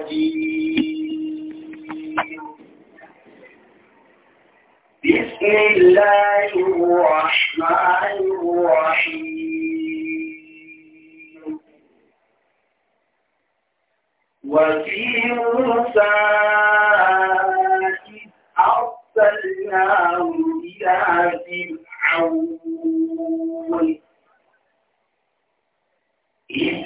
ki Bismillahirrahmanirrahim وَفِي مُسَاكِ أَرْسَلْنَاهُ إِلَى فِرْحَوْنِ إِذْ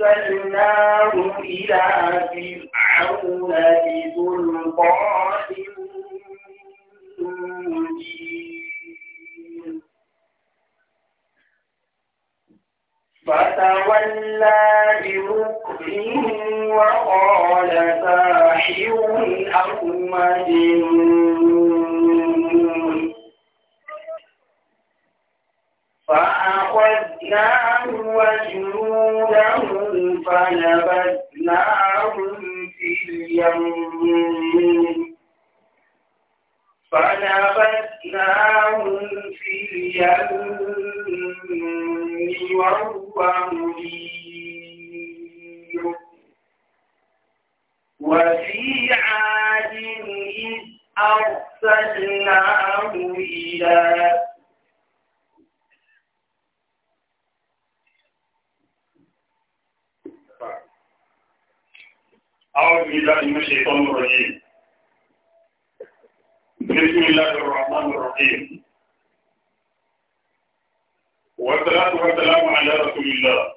أرسلناه إلى فرعون بسلطان فتولى بركنه وقال ساحر أو مجنون فأخذناه وجنوده فنبذناهم في اليم فنبذناهم في اليم وهو مليم وفي عاد إذ أرسلناه إلى أعوذ بالله من الشيطان الرجيم بسم الله الرحمن الرحيم والصلاة والسلام على رسول الله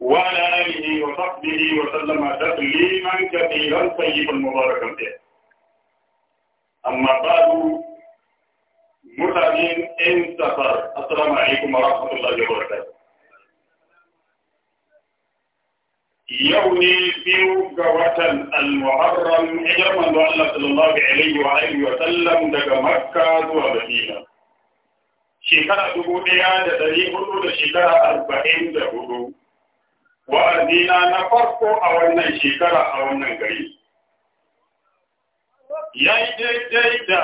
وعلى آله وصحبه وسلم تسليما كثيرا طيبا مباركا فيه أما بعد مرتدين سفر السلام عليكم ورحمة الله وبركاته yau ne biyu ga watan al-muharram hijar manzo Allah sallallahu alaihi wa alihi wa sallam daga makka zuwa madina shekara dubu ɗaya da dari hudu da shekara arba'in da hudu wa'azina na farko a wannan shekara a wannan gari ya yi daidai da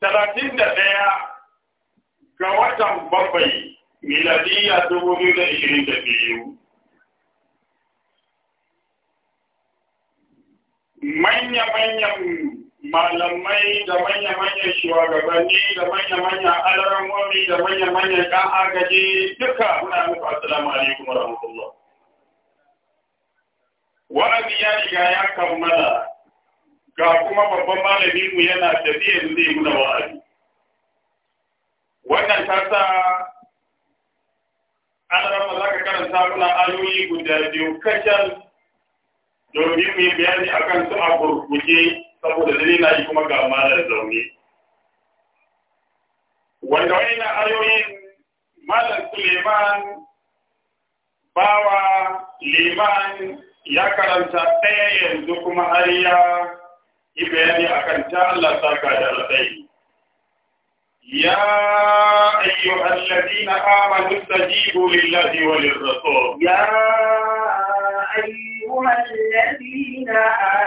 talatin da ɗaya ga watan bakwai miladiya dubu biyu da ishirin da biyu manya-manyan malamai da manya-manyan shugabanni da manya-manyan alaramomi da manya-manyan ɗan agaji duka muna muku assalamu alaikum wa rahmatullah Wani ya riga ya kammala ga kuma babban malamin mu yana tafiya zai muna wa'azi wannan ta sa an rama za ka karanta muna ayoyi guda biyu kacal domin mu yi bayani a kan su a gurguje saboda dare na yi kuma ga malar zaune. Wanda wani na ayoyin malar Suleiman bawa liman ya karanta ɗaya yanzu kuma har ya yi bayani a kan ta Allah ta da alɗai. يا أيها الذين آمنوا استجيبوا لله وللرسول يا أيها الذين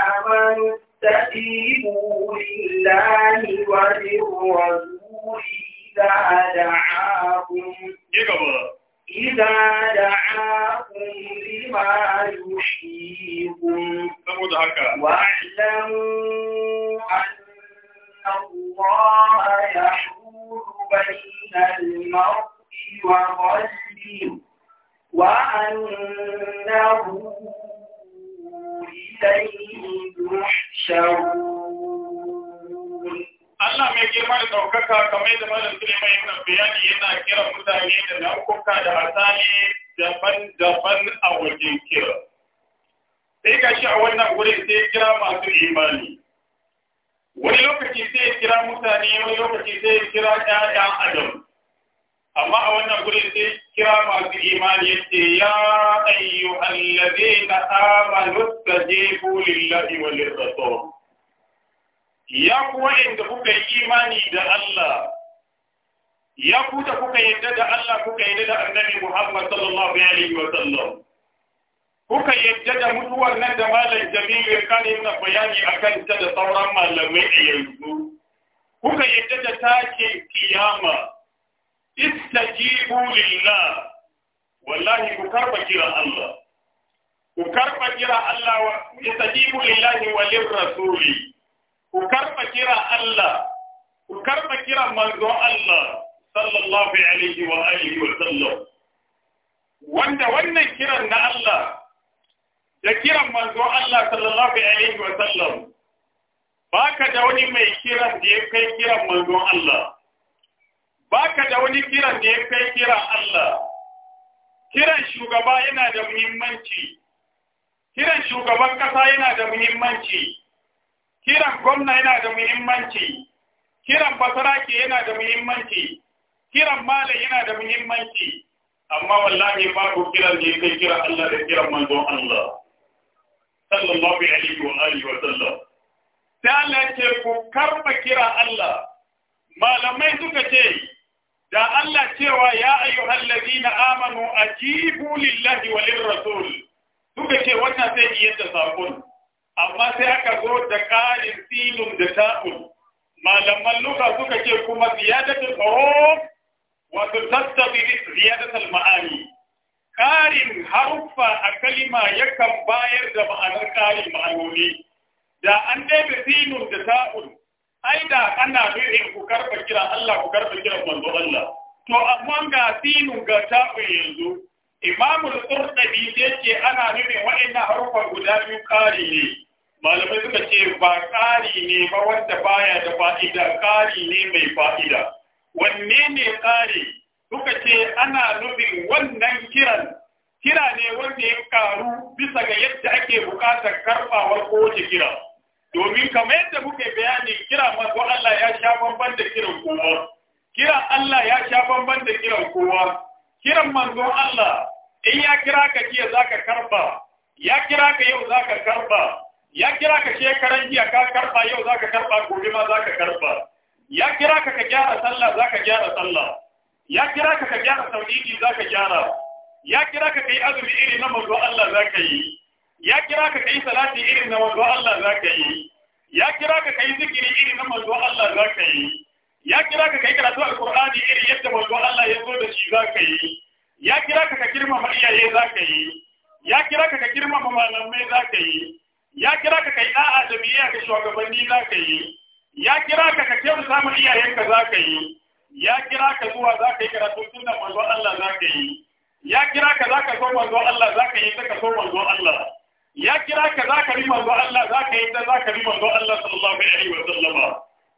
آمنوا استجيبوا لله وللرسول إذا دعاكم إيه إذا دعاكم لما يحييكم واعلموا أن الله يحب النور بين المرء وقلبه وأنه إليه تحشرون Allah mai girma da ɗaukaka kamar da malam mai ibn bayani yana kiran mutane da nau'uka da hasali daban-daban a wajen kira. Sai ga shi a wannan wurin sai kira masu imani. wani lokaci sai ya kira mutane wani lokaci sai ya kira ƴaƴan adam amma a wannan gurin sai kira masu imani yace ya ayyuhallazina amanu tajibu lillahi wa lirrasul ya ku inda kuka yi imani da Allah ya ku da kuka yarda da Allah kuka yarda da Annabi Muhammad sallallahu alaihi wa sallam kuka yadda da mutuwar nan da malam jamilu kan yi na bayani a kan ta da sauran malamai a yanzu kuka yadda da take kiyama istajibu lillah wallahi ku karba kira Allah ku karba kira Allah wa istajibu lillahi wa lirrasuli ku karba kira Allah ku karba kira manzo Allah sallallahu alaihi wa alihi wa sallam wanda wannan kiran na Allah da kiran manzo Allah sallallahu alaihi wa sallam baka da wani mai kiran da ya kai kiran manzo Allah baka da wani kiran da ya kai kiran Allah kiran shugaba yana da muhimmanci kiran shugaban kasa yana da muhimmanci kiran gwamna yana da muhimmanci kiran basarake yana da muhimmanci kiran malam yana da muhimmanci amma wallahi babu kiran da ya kai kiran Allah da kiran manzo Allah sallallahu alaihi wa alihi wa sallam sai Allah ce ku karba kira Allah malamai suka ce da Allah cewa ya ayyuhal ladina amanu ajibu lillahi wa lirrasul suka ce wannan sai iya yadda sakon amma sai aka zo da ƙarin silum da ta'un malaman luka suka ce kuma ziyadatul huruf wato tattabi ziyadatul ma'ani ƙarin haruffa a kalima yakan bayar da ma'anar ƙarin ma'anoni da an daga zinun da ta'un ai da ana nufin ku karɓa kiran Allah ku karɓa kiran manzo Allah to amma ga zinun ga ta'un yanzu imamul qurtubi yace ana nufin waɗannan haruffan guda biyu ƙari ne malamai suka ce ba ƙari ne ba wanda baya da fa'ida ƙari ne mai fa'ida wanne ne ƙari suka ce ana nufin wannan kiran kira ne wanda ya karu bisa ga yadda ake bukatar karɓawar kowace kira domin kamar yadda muke bayani kira masu Allah ya sha bamban da kiran kowa kira Allah ya sha bamban da kiran kowa kiran manzo Allah in ya kira ka jiya zaka karba ya kira ka yau zaka karba ya kira ka shekaran jiya ka karba yau zaka karba gobe ma zaka karba ya kira ka ka gyara sallah zaka gyara sallah ya kira ka ka gyara tauhidi za ka gyara ya kira ka kai azumi irin na manzo Allah za ka yi ya kira ka kai salati irin na manzo Allah za ka yi ya kira ka kai zikiri irin na manzo Allah za ka yi ya kira ka kai karatu alqur'ani irin yadda manzo Allah ya zo da shi za ka yi ya kira ka ka iyaye za ka yi ya kira ka ka malamai za ka yi ya kira ka kai da'a da biyayya ga shugabanni za ka yi ya kira ka ka kyautata ma iyayenka za ka yi ya kira ka zuwa za ka yi karatun sunan manzo Allah za ka yi ya kira ka za ka so manzo Allah za ka yi ta ka so manzo Allah ya kira ka za ka bi manzo Allah za ka yi ta za ka bi manzo Allah sallallahu alaihi wa sallama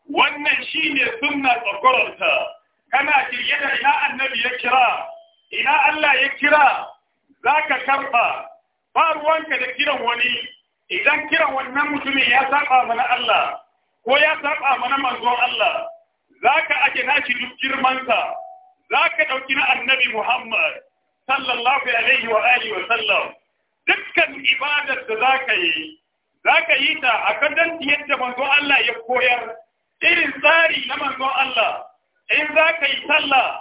wannan shi ne sunna tsagorarta kana shirye da ina annabi ya kira ina Allah ya kira za ka karba ba ruwanka da kiran wani idan kiran wannan mutumin ya saba mana Allah ko ya saba mana manzo Allah za ka ake nashi duk girmansa za ka ɗauki na annabi Muhammad sallallahu alaihi wa alihi wa sallam dukkan ibadar da za ka yi za ka yi ta a kadan yadda manzo Allah ya koyar irin tsari na manzo Allah in za ka yi sallah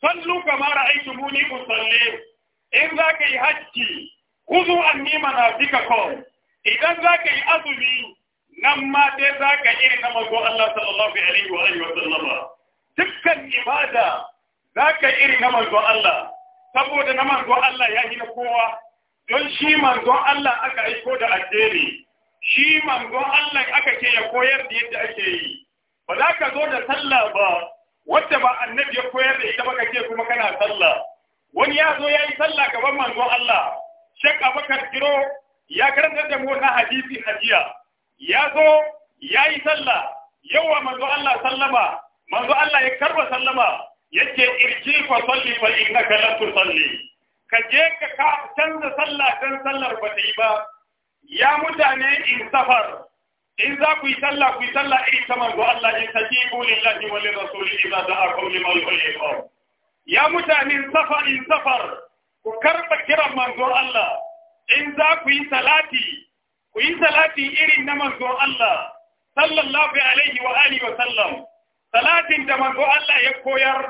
sallu kamar aiki muni usalli in za ka yi hajji kuzu annima na dika idan za ka yi azumi nan ma dai za ka iri na manzo Allah sallallahu alaihi wa alihi wa sallama dukkan ibada za ka iri na manzo Allah saboda na manzo Allah ya yi na kowa don shi manzo Allah aka aiko da addini shi manzo Allah aka ke ya koyar da yadda ake yi ba za ka zo da sallah ba wacce ba annabi ya koyar da ita ba ka ke kuma kana sallah wani ya zo ya yi sallah gaban manzo Allah shek Abubakar Giro ya karanta da mu na hadisi jiya. ya zo ya yi sallah yawa manzo Allah sallama manzo Allah ya karba sallama yake irji fa salli fa innaka lam tusalli ka je ka ka canza sallah dan sallar ba yi ba ya mutane in safar in za ku yi sallah ku yi sallah irin ta manzo Allah in tajibu lillahi wa lirrasuli idza da'akum lima yuhyikum ya mutane in safar in safar ku karba kiran manzo Allah in za ku yi salati ku yi salati irin na manzo Allah sallallahu alaihi wa alihi wa sallam salatin da manzo Allah ya koyar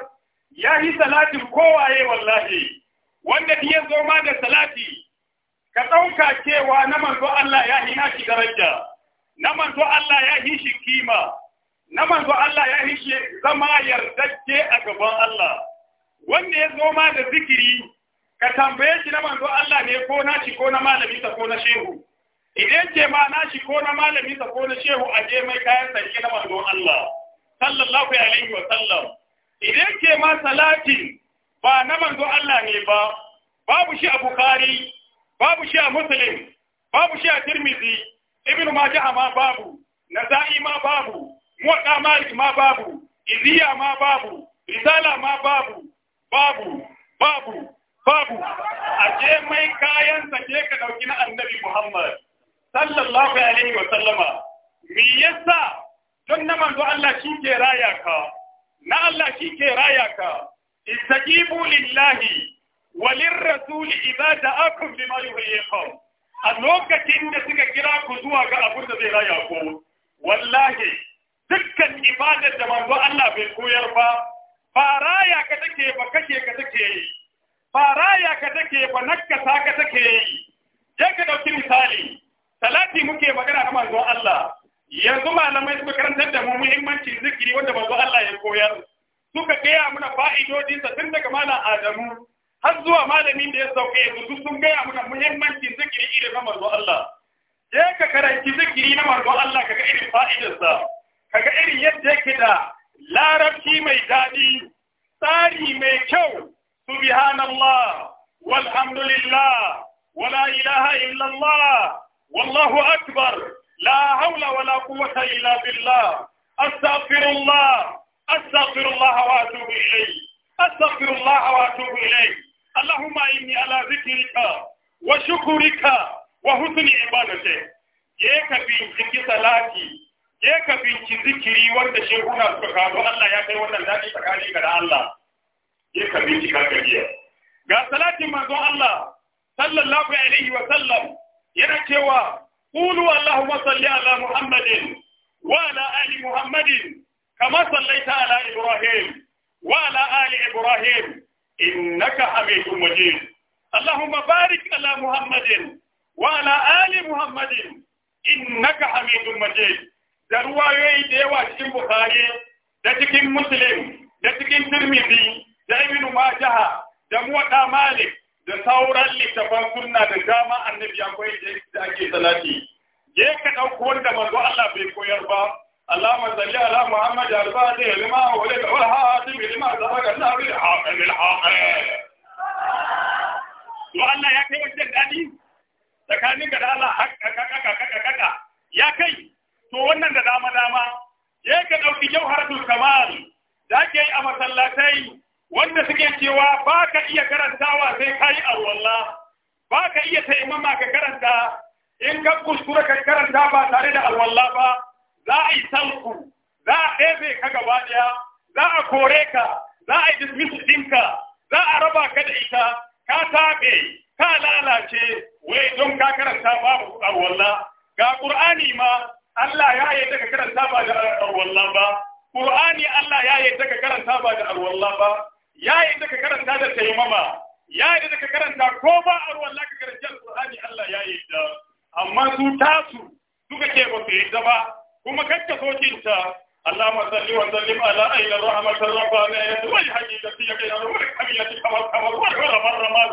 ya yi salatin kowaye wallahi wanda ya zo ma da salati ka ɗauka cewa na manzo Allah ya yi nashi daraja na manzo Allah ya yi shi kima na manzo Allah ya yi shi zama yardacce a gaban Allah wanda ya zo ma da zikiri ka tambaye shi na manzo Allah ne ko na shi ko na malaminsa ko na shehu idan ce ma na shi ko na malami ta ko na shehu a je mai kayan sarki na manzon Allah sallallahu alaihi wa sallam idan ce ma salatin ba na manzon Allah ne ba babu shi a Bukhari babu shi a Muslim babu shi a Tirmidhi Ibn Majah ma babu Nasa'i ma babu Muwatta Malik ma babu Iziya ma babu Risala ma babu babu babu babu a je mai kayan sa ka dauki na Annabi Muhammad sallallahu alaihi wa sallama me yasa don na manzo Allah shi ke raya ka na Allah shi ke raya ka istajibu lillahi walin rasul idza da'akum lima yuhyikum a lokacin da suka kira ku zuwa ga abunda da zai raya ku wallahi dukkan ibadar da manzo Allah bai koyar ba ba raya ka take ba kake ka take yi ba raya ka take ba nakka ka take yi je ka dauki misali talati muke magana na manzon Allah yanzu malamai suka karanta da mu muhimmancin zikiri wanda manzon Allah ya koyar suka gaya muna fa'idodinsa tun daga malam Adamu har zuwa malamin da ya sauke yanzu sun gaya muna muhimmancin zikiri irin na manzon Allah je ka karanci zikiri na manzon Allah kaga irin Ka kaga irin yadda yake da larabci mai daɗi tsari mai kyau subhanallah walhamdulillah wala ilaha illallah wallahu akbar la haula wala quwwata illa billah astaghfirullah astaghfirullah wa atubu ilayhi astaghfirullah wa atubu ilayhi اللهم إني على ذكرك وشكرك وحسن عبادتك je ka binciki salati je ka binciki zikiri wanda shehuna suka kawo Allah ya kai wannan daɗi tsakani ga Allah je ka bincika ka jiya ga salatin manzon Allah sallallahu wa sallam yana cewa qulu allahumma salli ala muhammadin wa ala ali muhammadin kama ta ala ibrahim wa ala ali ibrahim innaka hamidum majid allahumma barik ala muhammadin wa ala ali muhammadin innaka hamidum majid da ruwayoyi da yawa cikin bukhari da cikin muslim da cikin tirmidhi da ibnu majah da muwatta malik da sauran littafan kunna da dama annabi ya koyi da yake ake salati je ka dauko wanda manzo Allah bai koyar ba Allah manzali ala Muhammad arba da ilma wala da wala hatim ilma da baka Allah bil haqqin bil haqqin wa Allah ya kai wajen dadi tsakanin ga Allah hakka kaka kaka kaka ya kai to wannan da dama dama je ka dauki jauharatul kamal da ke yi a masallatai wanda suke cewa ba ka iya karantawa sai ka yi alwala ba ka iya taimama ka karanta in ka kuskura ka karanta ba tare da alwalla ba za a yi salku za a ɗebe ka gaba ɗaya za a kore ka za a yi dismiss ɗinka za a raba ka da ita ka taɓe ka lalace wai don ka karanta babu alwala ga ƙur'ani ma Allah ya yi ka karanta ba da alwala ba Qur'ani Allah ya yarda ka karanta ba da alwalla ba ya da ka karanta da taimama ya da ka karanta ko ba a ruwan laka a alqur'ani Allah ya da amma su tasu suka ce ba su yadda ba kuma kakka sokinta اللهم صل وسلم على عين الرحمة الربانية والحقيقة في غير الحمية كما القمر والعرب الرمال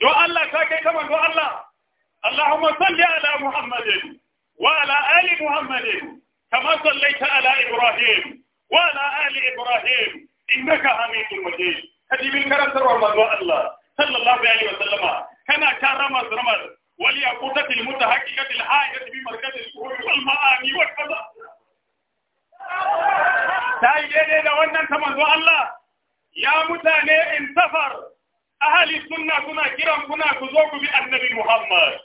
دو الله ساكي كما دو الله اللهم صل على محمد وعلى آل محمد كما صليت على إبراهيم وعلى آل إبراهيم إنك حميد مجيد هذه من كرم رحمه الله صلى الله عليه وسلم كما كرم رمض وليقوتة المتحققة الحاجة بمركز الكهول والمعاني والقضاء تايدي لون أنت منذ الله يا متاني إن سفر أهل السنة كنا كرم كنا كذوك بأنبي محمد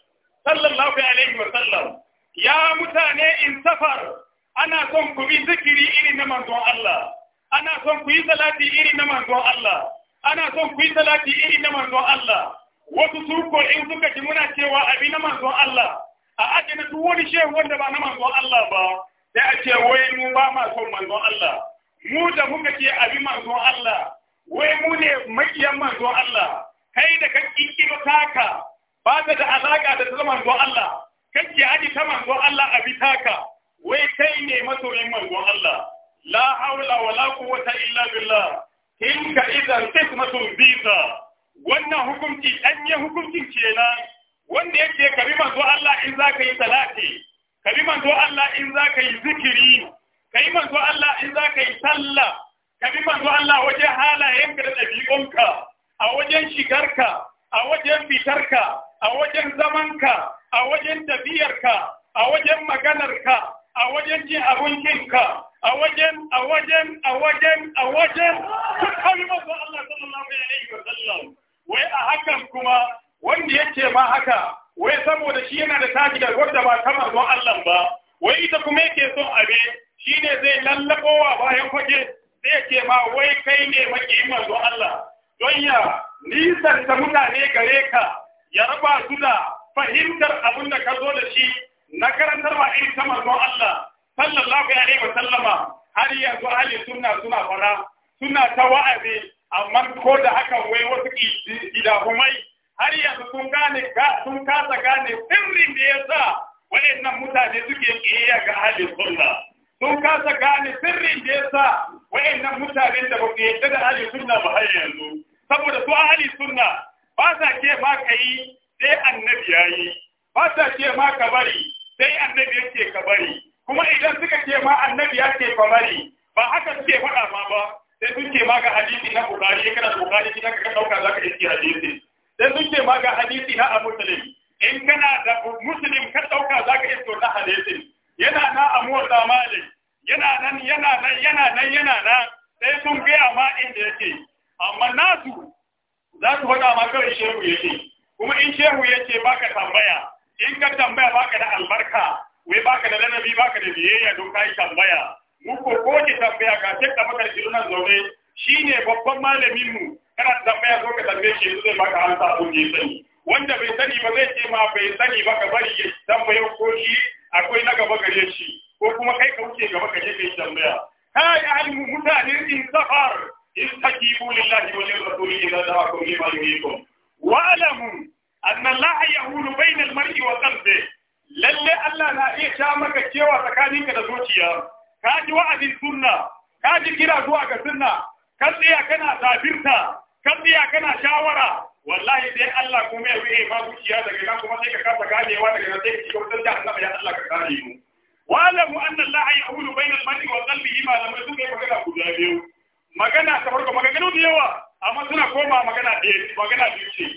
صلى الله عليه وسلم يا متاني إن سفر ana son ku bi zikiri iri na manzon Allah ana son ku yi salati iri na manzon Allah ana son ku yi salati iri na manzon Allah wasu turko in suka ji muna cewa abi na manzon Allah a na duk wani shehu wanda ba na manzon Allah ba sai a ce wai mu ba ma son manzon Allah mu da muka ce abi manzon Allah wai mu ne makiyan manzon Allah kai da ka kinkiro taka ba ta da alaka da manzon Allah kake aji ta manzon Allah abi taka wai kai ne masoyin manzon Allah la haula wala quwwata illa billah in ka idan qismatun biza wannan hukunci dan ya hukuncin kenan wanda yake kabi manzo Allah in zaka yi salati kabi manzo Allah in zaka yi zikiri kabi manzo Allah in zaka yi sallah kabi manzo Allah wajen halayenka da ɗabi'unka a wajen shigarka a wajen fitarka a wajen zamanka a wajen tafiyarka a wajen maganarka a wajen abin abincinka a wajen a wajen a wajen a wajen duk kalmar da Allah sallallahu alaihi wa sallam wai a hakan kuma wanda yake ma haka wai saboda shi yana da taji da wanda ba ta manzo Allah ba wai ita kuma yake son abe ne zai lallabowa bayan fage sai yake ma wai kai ne maki manzo Allah don ya nisan ta mutane gare ka ya raba su da fahimtar abin da ka zo da shi na karantarwa irin ta manzon Allah sallallahu alaihi wa sallama har yanzu ahli sunna suna fara suna ta wa'azi amma ko da hakan wai wasu idahumai har yanzu sun gane sun kasa gane sirrin da ya sa waɗannan mutane suke kiyaye ga ahli sunna sun kasa gane sirrin da ya sa waɗannan mutane da ba su yadda da ahli sunna ba har yanzu saboda su ahli sunna ba sa ce ma kai yi sai annabi ya yi ba sa ce ma ka bari sai annabi yake ka bari kuma idan suka ce ma annabi ya ce ka bari ba haka suke faɗa ma ba sai sun ce ma ga hadisi na bukari ya kana bukari kina ka dauka zaka iske hadisi sai sun ce ma ga hadisi na abu muslim in kana da muslim ka dauka zaka iske na hadisi yana na amuwar da malik yana nan yana nan yana nan yana nan sai sun ga ma inda yake amma nasu za su faɗa ma kawai shehu yake kuma in shehu yake baka tambaya in ka tambaya baka da albarka wai baka da ladabi baka da biyayya don kai tambaya mu ko ko ki tambaya ka ce ka maka kiruna zaune shine babban malamin mu kana tambaya ko ka tambaye shi zai baka hanta ko ji sai wanda bai sani ba zai ce ma bai sani ba ka bari ya tambaye ko shi akwai na gaba gare shi ko kuma kai ka wuce gaba ka je kai tambaya kai ahli mutanin in takibu lillahi wa lirrasuli idza da'akum lima yuhibbu wa alamu sha maka cewa tsakaninka da zuciya ka ji wa'azin sunna ka ji kira zuwa ga sunna ka tsaya kana zabirta ka tsaya kana shawara wallahi dai Allah kuma ya yi ma zuciya daga nan kuma sai ka kasa ganewa daga nan sai ka shiga da jahannama ya Allah ka kare mu wa'lamu anna Allah yahulu bainal mar'i wa qalbihi ma lam yusib magana guda biyu magana ta farko magana da yawa amma suna koma magana ɗaya magana biyu ce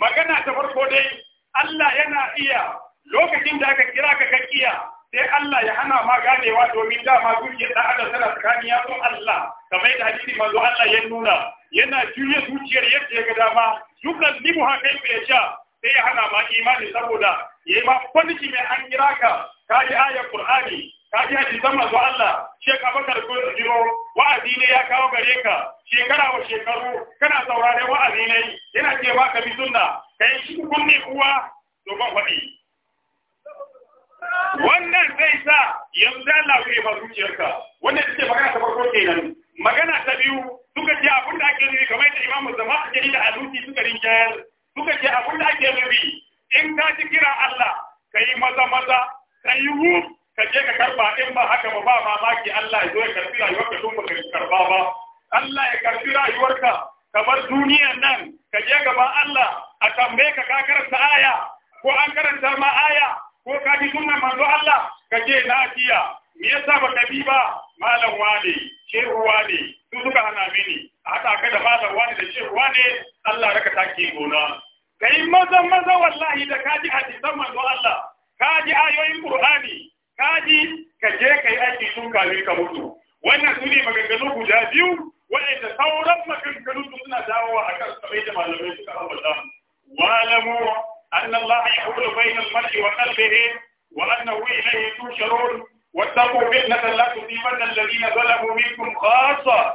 magana ta farko dai Allah yana iya lokacin da aka kira ka kakkiya sai Allah ya hana ma ganewa domin dama zuciyar da sana tsakani ya so Allah kamar da hadisi manzo Allah ya nuna yana juya zuciyar yadda ya ga dama yukan libu ha kai ya sha sai ya hana ma imani saboda yayi ma kwanci mai an kira ka ka ji ayar Qur'ani ka ji hadisan manzo Allah Sheikh Abubakar jiro wa'azi ne ya kawo gare ka shekara wa shekaru kana saurare wa'azi ne yana cewa ka bi sunna kai shi kunne kuwa to ban wannan zai sa yanzu Allah ba zuciyarka wannan take magana ta farko kenan magana ta biyu suka ce abin da ake nufi kamar yadda imamu Zama a jari da Alusi suka rinjayar suka ce abin da ake nufi in ka ji kira Allah ka yi maza maza ka yi wuf ka je ka karba in ba haka ba ba mamaki Allah ya zo ya karfi rayuwarka tun ba ka karba ba Allah ya karfi rayuwarka kamar duniyar nan تعملون واتقوا فتنة لا تصيبن الذين ظلموا منكم خاصة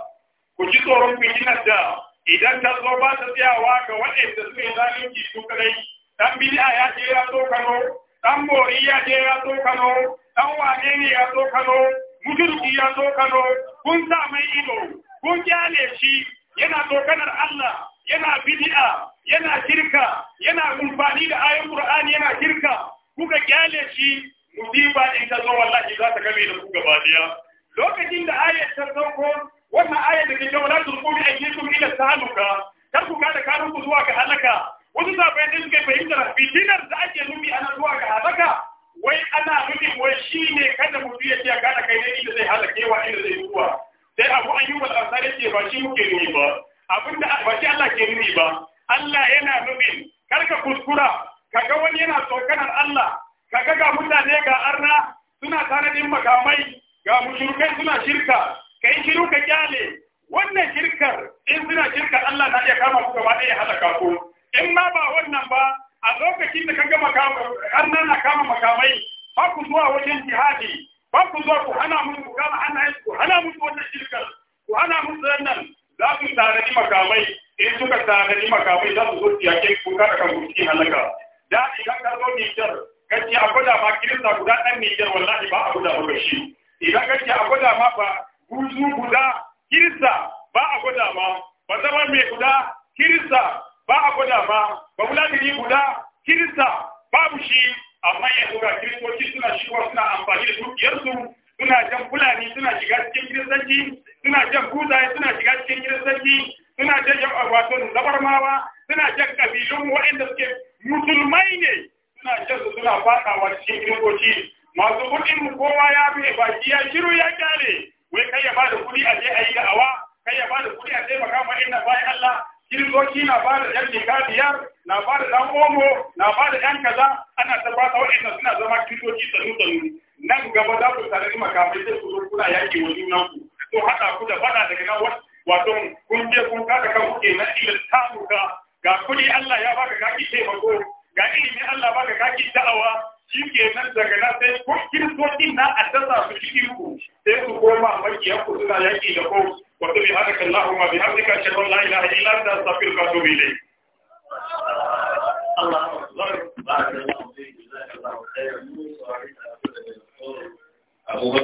كجسر فتنة دا إذا تظلمات تياوا كوالإن تسمي ذلك تكري تم بلا يا جيرا توكنو تم موريا جيرا توكنو تم وانيني يا توكنو مجرد يا توكنو كن سامي إلو كن جالي شي ينا توكنر الله ينا بدئة ينا شركة ينا كنفاني لآية القرآن ينا شركة kuka kyale shi musiba in ta zo wallahi za ta kame da ku gaba daya lokacin da ayat ta sauko wannan ayat da ke cewa la tulqu bi aydikum ila tahaluka kar ku kada karun ku zuwa ga halaka wasu sabai da suke fahimtar fitinar da ake nufi ana zuwa ga halaka wai ana nufi wai shine kada mutum ya ce kada kai ne inda zai wa inda zai zuwa sai abu ayyuba al-ansari ce ba shi muke nufi ba abinda ba shi Allah ke nufi ba Allah yana nufin karka kuskura kafin za su zo su yake ko kada kan gusti halaka da idan ka zo Niger kace a gwada ma kirista guda dan Niger wallahi ba a gwada ba shi idan kace a gwada ma fa guzu guda kirista ba a gwada ma ba zama mai guda kirista ba a gwada ma ba ni guda kirista ba babu shi amma yanzu ga kiristoci suna shigowa suna amfani da dukiyarsu suna jan fulani suna shiga cikin kiristanci suna jan kuzaye suna shiga cikin kiristanci suna jan wato labarmawa suna jan kabilun waɗanda suke musulmai ne suna jan su suna wa cikin kirkoci masu kuɗin kowa ya fi baki ya shiru ya kyale wai kai ya ba da kuɗi a je a yi awa? kai ya ba da kuɗi a taimaka ma inda bayan Allah kirkoci na ba da yan jika biyar na ba da dan omo na ba da yan kaza ana ta fata waɗanda suna zama kiristoci sannu sannu nan gaba za ku tare makamai sai ku zo kuna yaƙi wa junanku ko haɗa ku da faɗa daga nan wata. wato kun je kun ka ka kuke na ilil tamuka ga kudi Allah ya baka kaki taimako ga ilimi Allah baka kaki da'awa shi nan daga nan sai kun din na addasa su cikin ku sai su koma ya ku suna yaki da ku wato bi hadaka Allahumma bi hamdika shalla la ilaha illa anta astaghfiruka wa atubu ilayk Allah